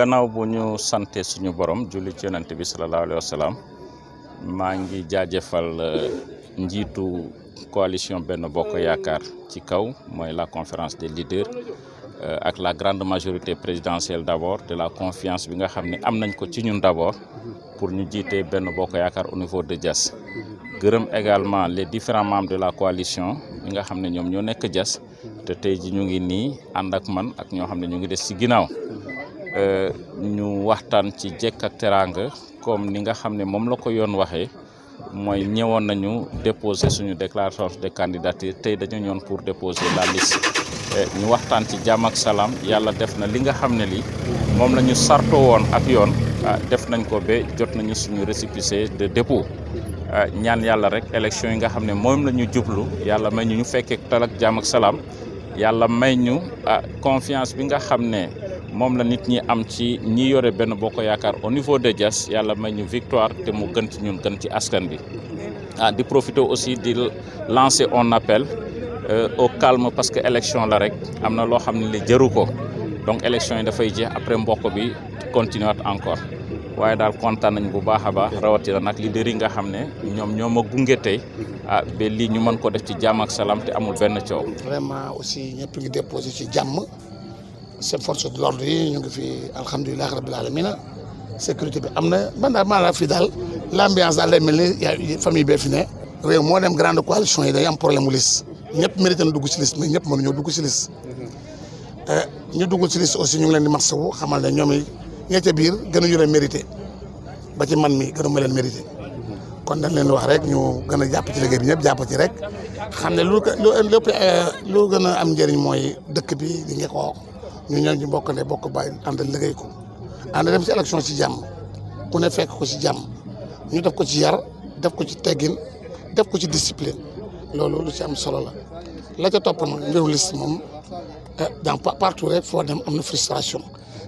gannaaw bu ñu santé suñu borom julli ci yonent bi sallallahu alayhi wasallam salaam maa ngi jaajëfal euh, njiitu coalition benn bokk yaakaar ci kaw mooy la conférence des leaders euh, ak la grande majorité présidentielle d'abord de la confiance bi nga xam ne am nañ ko ci ñun d'abord pour ñu jiite benn bokk yaakaar au niveau de Diass gërëm également les différents membres de la coalition bi nga xam ne ñoom ñoo nekk Diass te tey ji ñu ngi nii ànd ak man ak ñoo xam ne ñu ngi des ci ginnaaw Euh, ñu waxtaan ci jekk ak teraanga comme ni nga xam ne moom la ko yoon waxee mooy ñëwoon nañu déposer suñu déclaration de candidature tey dañu ñoon pour déposer la liste euh, ñu waxtaan ci jàmm ak salaam yàlla def na li nga xam ne li moom la ñu sarto woon ak yoon ah, def nañ ko ba jot nañu suñu récépissé de dépôt ah, ñaan yàlla rek élection yi nga xam ne moom la ñu jublu yàlla may ñu ñu fekkee tal ak jàmm ak salaam yàlla may ñu ah, confiance bi nga xam ne moom la nit ñi am ci ñi yore benn bokk yaakaar au niveau de Diass yàlla may ñu victoire te mu gën ci ñun gën ci askan bi ah di profiter aussi di lancer un appel euh, au calme parce que élection la rek am na loo xam li jëru ko donc élection yi dafay jeex après mbokk bi continuer encore waye dal kontaan nañ bu baax a rawati nak nag leader yi nga xamne ñom ñoma gungé tay gunge tey ah ba lii ñu mën ko def ci jàmm ak salam té amul ben ciow vraiment aussi ñepp ngi déposer ci jàmm seen force de l'ordre yi ñu ngi fi alhamdulilah rabbil alamin sécurité bi amna man da maanaam fii daal l' ambiance daal day mel ya, famille be fi né rew mo dem grande coalition yi da yam problème wu liste ñepp mérité na dugg ci liste mais mënu mm-hmm. euh, ñu dugg si liste ñu dugg ci liste aussi ñu ngi leen di masawu xamal ne ñoom ña ca biir gën a ñu leen mérité ba ci man mi gënu ma leen mérité kon dañ leen wax rek ñu gën a jàpp ci liggéey bi ñëpp jàpp ci rek xam ne lu lépp gën a am mooy dëkk bi di ngekoo ñu ñëw ñu bokkale bokk bàyyi ànd liggéey ko ànd dem si jàmm ku ne fekk ko si jàmm ñu def ko ci yar def ko ci teggin def ko ci discipline loolu lu ci am solo la la ca topp nag moom eh, dans partout rek foo dem am na frustration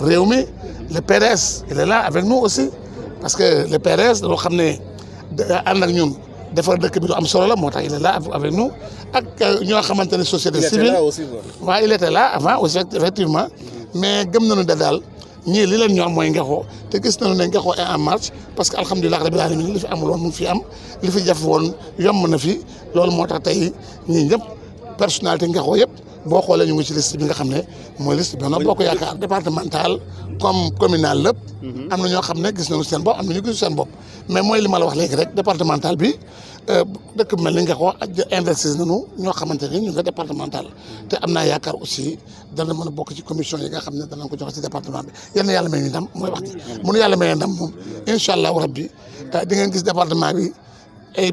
Réumi le Pérez, il est là avec nous aussi parce que le PDS nous xam ne ak ñun là dëkk bi il est là avec nous ak euh, société civile il était là avant aussi effectivement mais gëm nañu da Ngexo Nous gis nañu ne Ngexo en marche parce que rabbil alamin li amul woon mu fi am li jaf woon Nous na fi personnalité Ngexo boo xoolee ñu ngi ci liste bi nga xam ne mooy liste Benno Bokk Yaakaar départemental comme communal lépp. Mhm. am na ñoo xam ne gis nañu seen bopp am na ñu gis seen bopp. mais mooy li ma la wax léegi rek départemental bi euh, dëkk bi mel ni nga ko wax investir ñoo xamante ne ñu nga départemental. te am naa yaakaar aussi dana mën a bokk ci commission yi nga xam ne danañ ko joxe ci département bi yal na yàlla may ñu ndam mooy wax ji. Mhm. yàlla may ndam moom incha allahu rabbi euh, di ngeen gis département bi ay.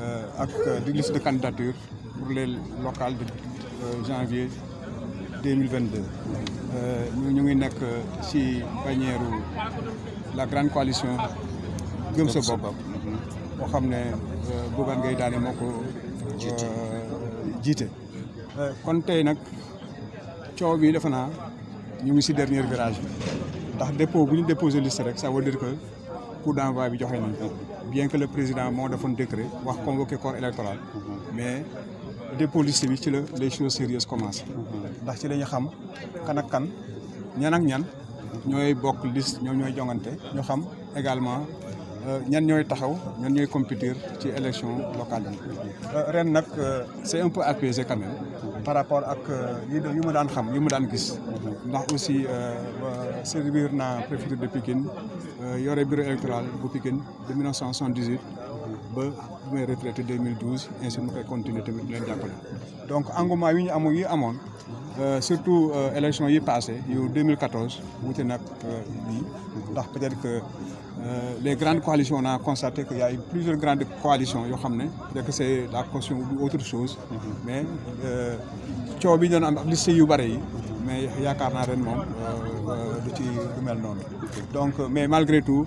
Euh, avec euh, de liste de candidature pour les locales de euh, janvier 2022 Nous ñu ngi nekk ci bannière la grande coalition comme ce bopp boo xam ne Bougane Gueye Dany moo ko jiite kon tey nag coow bi defe ñu dernier virage bi ndax dépôt bu ñu déposé liste ça veut dire que coup d'envoi bien que le président moo un décret convoquer le corps électoral mais des policiers, les choses sérieuses commencent. ndax ci la ñu xam kan ak kan ñan ak ñan liste nous avons également euh, ñan ñooy taxaw ñan ñooy compétir ci élection locale yi. Euh, ren euh, c'est un peu apaisé quand même. par rapport à ce que nous daan xam Nous avons daan gis. ndax aussi servir naa préfecture de Pikine yore bureau électoral bu Pikine de 1978. ba bu may retraité 2012 ainsi nous koy continuer tamit leen donc engouement yi ñu amoon yi amoon surtout élection yi passé en 2014 Nous nag bii ndax peut-être que euh, les grandes coalitions, on a constaté qu'il y a eu plusieurs grandes coalitions, dès que c'est la question ou autre chose. Mais il y a liste yu mais il n'y a pas du ci donc mais malgré tout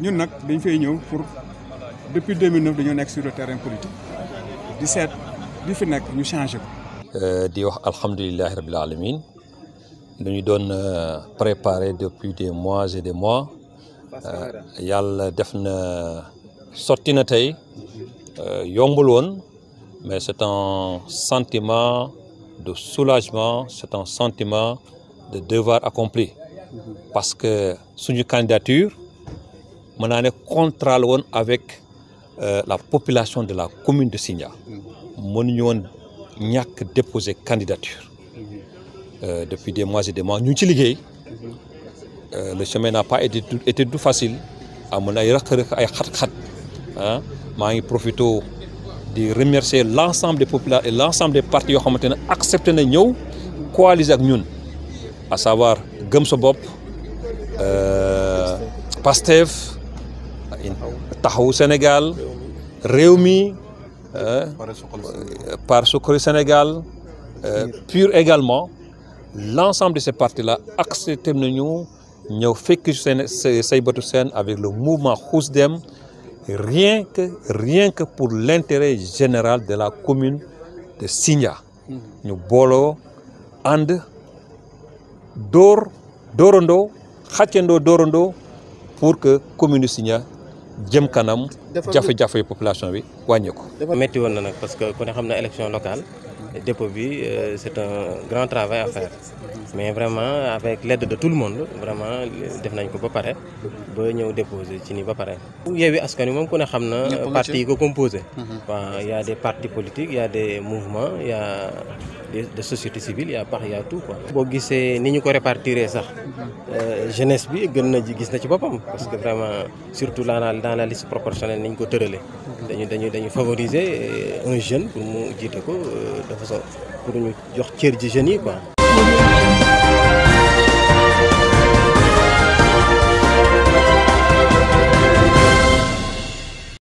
ñun nak dañ fay ñëw pour depuis 2009 dañu nek sur le terrain politique 17 bi nous fi nek ñu changé ko. Euh, di wax nous rabil alamin dañu euh, préparé depuis des mois et des mois Il euh, def na sorti na euh yombul won mais c'est un sentiment de soulagement c'est un sentiment de devoir accompli parce que suñu candidature mën naa won contrat avec euh, la population de la commune de Signa, mon a ñak déposer candidature euh, depuis des mois et des mois ñu euh, le chemin n'a pas été été tout facile À ay de ay khat hein. profité de remercier l'ensemble des populaires et l'ensemble des partis yo xamante accepté na ñëw coaliser ak ñun à savoir Gëm sa euh Pastef taxawu Sénégal réew mi euh, euh, par Sénégal euh, PUR également l'ensemble de ces partis-là accepté nañu nous fekk des Saybatu avec le mouvement KHOUSDEM rien que rien que pour l'intérêt général de la commune de nous mm-hmm. ñu Bolo, and Dor Dorondo, xatiendo Dorondo, pour que commune de SINYA jëm kanam. jafe-jafe population bi wàññeeku. metti won na parce que kone xamna élection locale dépôt bi euh, c'est un grand travail à faire mais vraiment avec l'aide de tout le monde vraiment def nañ ko ba paré ba ñëw déposer ci ni ba paré Yewwi Askan mom kone xamna parti yi ko composé. Il mhm. y a des partis politiques il y a des mouvements il y a. de société civile y a part y tout quoi. boo gisee ni ñu ko répartir sax euh, jeunesse bi gën na gis na ci boppam parce que vraiment surtout dans la dans la liste proportionnelle ni ñu ko tëralee. dañu dañu dañu favoriser euh, un jeune pour mu jiite ko euh, de façon pour ñu jox cër ji jeunes yi quoi.